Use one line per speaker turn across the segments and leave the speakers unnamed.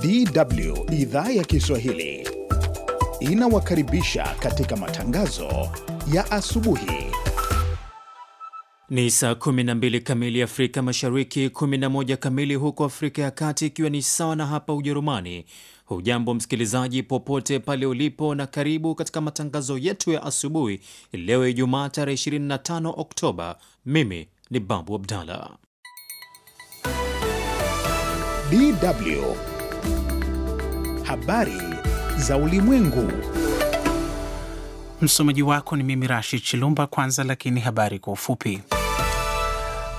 DW idhaa ya Kiswahili inawakaribisha katika matangazo ya asubuhi. Ni saa 12 kamili Afrika Mashariki, 11 kamili huko Afrika ya Kati, ikiwa ni sawa na hapa Ujerumani. Hujambo msikilizaji, popote pale ulipo, na karibu katika matangazo yetu ya asubuhi leo Ijumaa tarehe 25 Oktoba. Mimi ni Babu Abdallah. DW habari za ulimwengu. Msomaji wako ni mimi Rashi Chilumba. Kwanza lakini habari kwa ufupi.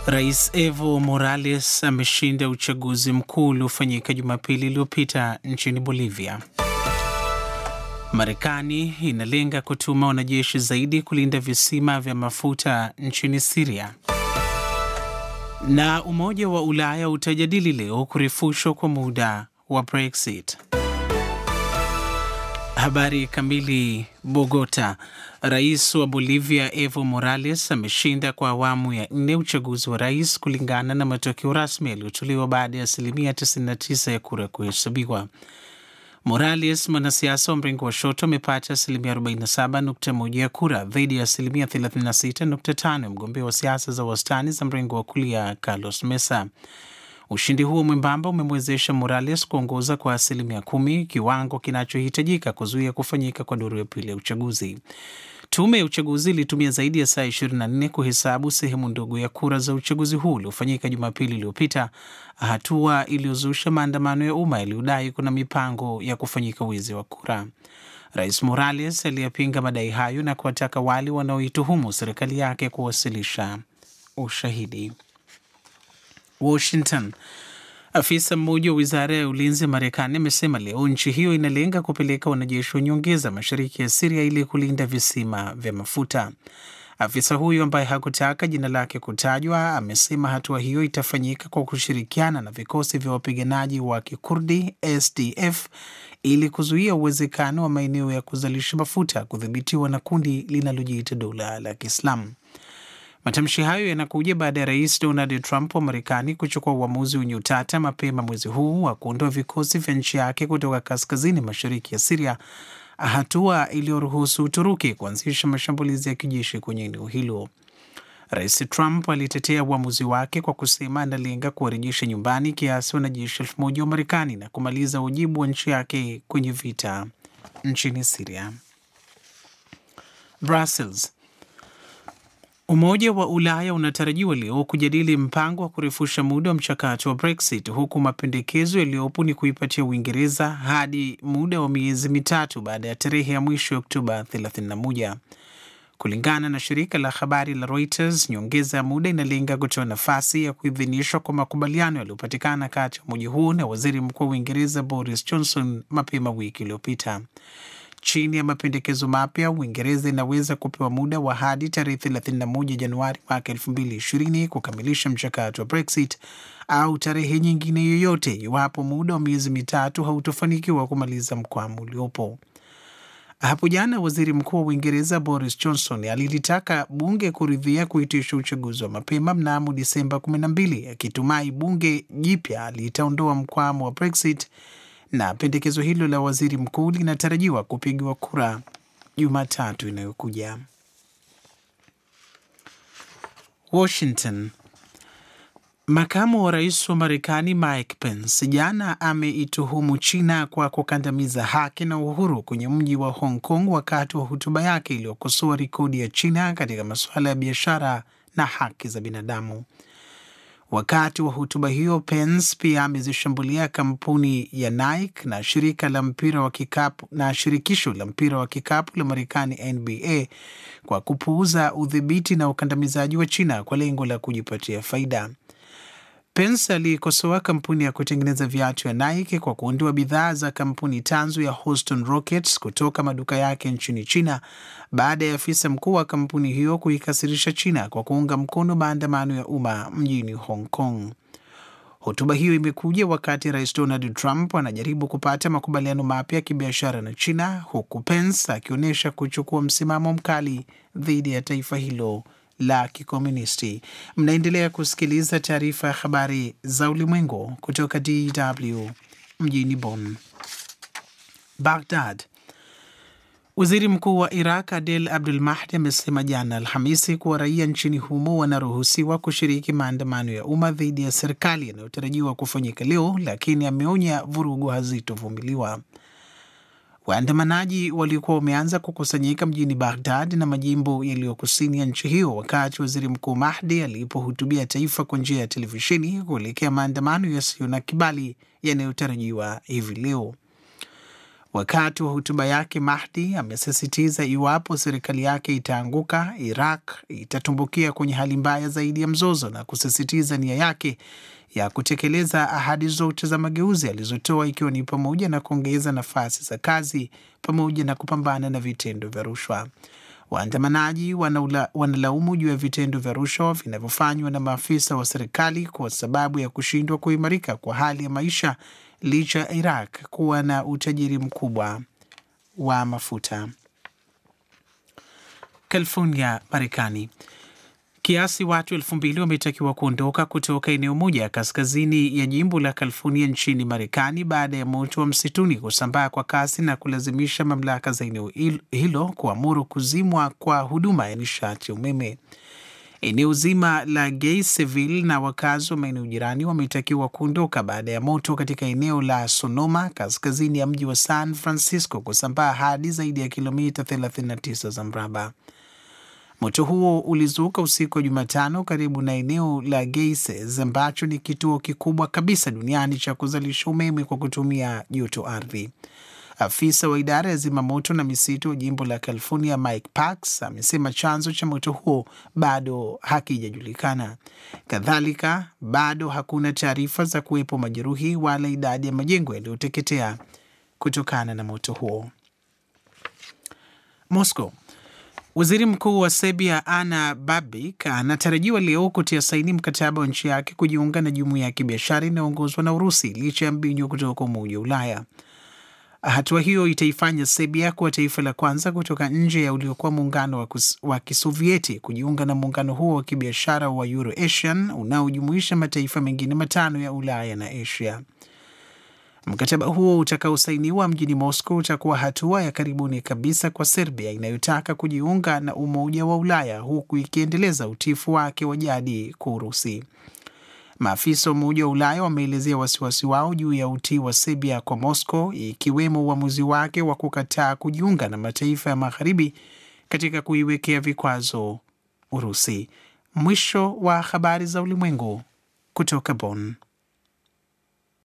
Rais Evo Morales ameshinda uchaguzi mkuu uliofanyika Jumapili iliyopita nchini Bolivia. Marekani inalenga kutuma wanajeshi zaidi kulinda visima vya mafuta nchini Siria. Na Umoja wa Ulaya utajadili leo kurefushwa kwa muda wa Brexit. Habari kamili. Bogota. Rais wa Bolivia Evo Morales ameshinda kwa awamu ya nne uchaguzi wa rais kulingana na matokeo rasmi yaliyotolewa baada ya asilimia 99 ya kura kuhesabiwa. Morales, mwanasiasa wa mrengo wa shoto, amepata asilimia 47.1 ya kura dhidi ya asilimia 36.5 ya mgombea wa siasa za wastani za mrengo wa kulia Carlos Mesa. Ushindi huo mwembamba umemwezesha Morales kuongoza kwa asilimia kumi, kiwango kinachohitajika kuzuia kufanyika kwa duru ya pili ya uchaguzi. Tume ya uchaguzi ilitumia zaidi ya saa 24 kuhesabu sehemu ndogo ya kura za uchaguzi huu uliofanyika Jumapili iliyopita, hatua iliyozusha maandamano ya umma yaliyodai kuna mipango ya kufanyika wizi wa kura. Rais Morales aliyapinga madai hayo na kuwataka wale wanaoituhumu serikali yake kuwasilisha ushahidi. Washington. Afisa mmoja wa wizara ya ulinzi Marekani amesema leo nchi hiyo inalenga kupeleka wanajeshi wa nyongeza mashariki ya Siria ili kulinda visima vya mafuta. Afisa huyo ambaye hakutaka jina lake kutajwa amesema hatua hiyo itafanyika kwa kushirikiana na vikosi vya wapiganaji wa Kikurdi SDF ili kuzuia uwezekano wa maeneo ya kuzalisha mafuta kudhibitiwa na kundi linalojiita dola la Kiislamu. Matamshi hayo yanakuja baada ya rais Donald Trump wa Marekani kuchukua uamuzi wenye utata mapema mwezi huu wa kuondoa vikosi vya nchi yake kutoka kaskazini mashariki ya Siria, hatua iliyoruhusu Uturuki kuanzisha mashambulizi ya kijeshi kwenye eneo hilo. Rais Trump alitetea uamuzi wake kwa kusema analenga kuwarejesha nyumbani kiasi wanajeshi elfu moja wa Marekani na kumaliza ujibu wa nchi yake kwenye vita nchini Siria. Brussels Umoja wa Ulaya unatarajiwa leo kujadili mpango wa kurefusha muda wa mchakato wa Brexit, huku mapendekezo yaliyopo ni kuipatia Uingereza hadi muda wa miezi mitatu baada ya tarehe ya mwisho ya Oktoba 31. Kulingana na shirika la habari la Reuters, nyongeza ya muda inalenga kutoa nafasi ya kuidhinishwa kwa makubaliano yaliyopatikana kati ya umoja huo na waziri mkuu wa Uingereza Boris Johnson mapema wiki iliyopita. Chini ya mapendekezo mapya, Uingereza inaweza kupewa muda wa hadi tarehe 31 Januari mwaka 2020 kukamilisha mchakato wa Brexit au tarehe nyingine yoyote iwapo muda wa miezi mitatu hautofanikiwa kumaliza mkwamo uliopo. Hapo jana waziri mkuu wa Uingereza Boris Johnson alilitaka bunge kuridhia kuitisha uchaguzi wa mapema mnamo Disemba 12 akitumai bunge jipya litaondoa mkwamo wa Brexit na pendekezo hilo la waziri mkuu linatarajiwa kupigiwa kura Jumatatu inayokuja. Washington. Makamu wa rais wa Marekani Mike Pence jana ameituhumu China kwa kukandamiza haki na uhuru kwenye mji wa Hong Kong wakati wa hotuba yake iliyokosoa rekodi ya China katika masuala ya biashara na haki za binadamu. Wakati wa hotuba hiyo, Pence pia amezishambulia kampuni ya Nike na shirika la mpira wa kikapu na shirikisho la mpira wa kikapu la Marekani NBA kwa kupuuza udhibiti na ukandamizaji wa China kwa lengo la kujipatia faida. Pence aliikosoa kampuni ya kutengeneza viatu ya Nike kwa kuondoa bidhaa za kampuni tanzu ya Houston Rockets kutoka maduka yake nchini China baada ya afisa mkuu wa kampuni hiyo kuikasirisha China kwa kuunga mkono maandamano ya umma mjini Hong Kong. Hotuba hiyo imekuja wakati Rais Donald Trump anajaribu kupata makubaliano mapya ya kibiashara na China huku Pence akionyesha kuchukua msimamo mkali dhidi ya taifa hilo la kikomunisti. Mnaendelea kusikiliza taarifa ya habari za ulimwengu kutoka DW mjini Bonn. Baghdad. Waziri mkuu wa Iraq Adel Abdul Mahdi amesema jana Alhamisi kuwa raia nchini humo wanaruhusiwa kushiriki maandamano ya umma dhidi ya serikali yanayotarajiwa kufanyika leo, lakini ameonya vurugu hazitovumiliwa. Waandamanaji waliokuwa wameanza kukusanyika mjini Baghdad na majimbo yaliyo kusini ya nchi hiyo wakati waziri mkuu Mahdi alipohutubia taifa kwa njia ya televisheni kuelekea maandamano yasiyo na kibali yanayotarajiwa hivi leo. Wakati wa hotuba yake, Mahdi amesisitiza iwapo serikali yake itaanguka, Iraq itatumbukia kwenye hali mbaya zaidi ya mzozo na kusisitiza nia yake ya kutekeleza ahadi zote za mageuzi alizotoa ikiwa ni pamoja na kuongeza nafasi za kazi pamoja na kupambana na vitendo vya rushwa. Waandamanaji wanalaumu juu ya vitendo vya rushwa vinavyofanywa na maafisa wa serikali kwa sababu ya kushindwa kuimarika kwa hali ya maisha licha ya Iraq kuwa na utajiri mkubwa wa mafuta. California, Marekani kiasi watu elfu mbili wametakiwa kuondoka kutoka eneo moja kaskazini ya jimbo la California nchini Marekani baada ya moto wa msituni kusambaa kwa kasi na kulazimisha mamlaka za eneo hilo kuamuru kuzimwa kwa huduma ya nishati ya umeme. Eneo zima la Gainesville na wakazi wa maeneo jirani wametakiwa kuondoka baada ya moto katika eneo la Sonoma kaskazini ya mji wa San Francisco kusambaa hadi zaidi ya kilomita 39 za mraba. Moto huo ulizuka usiku wa Jumatano karibu na eneo la Geyses ambacho ni kituo kikubwa kabisa duniani cha kuzalisha umeme kwa kutumia joto ardhi. Afisa wa idara ya zimamoto na misitu wa jimbo la California Mike Parks amesema chanzo cha moto huo bado hakijajulikana. Kadhalika, bado hakuna taarifa za kuwepo majeruhi wala idadi ya majengo yaliyoteketea kutokana na moto huo. Moscow Waziri Mkuu wa Serbia Ana Babic anatarajiwa leo kutia saini mkataba wa nchi yake kujiunga na jumuiya ya kibiashara inayoongozwa na Urusi licha ya mbinyo kutoka Umoja wa Ulaya. Hatua hiyo itaifanya Serbia kuwa taifa la kwanza kutoka nje ya uliokuwa muungano wa Kisovieti kujiunga na muungano huo wa kibiashara wa Euroasian unaojumuisha mataifa mengine matano ya Ulaya na Asia. Mkataba huo utakaosainiwa mjini Moscow utakuwa hatua ya karibuni kabisa kwa Serbia inayotaka kujiunga na Umoja wa Ulaya huku ikiendeleza utifu wake wa jadi kwa Urusi. Maafisa wa Umoja wa Ulaya wameelezea wasiwasi wao juu ya utii wa Serbia kwa Moscow, ikiwemo uamuzi wake wa kukataa kujiunga na mataifa ya Magharibi katika kuiwekea vikwazo Urusi. Mwisho wa habari za ulimwengu kutoka Bonn.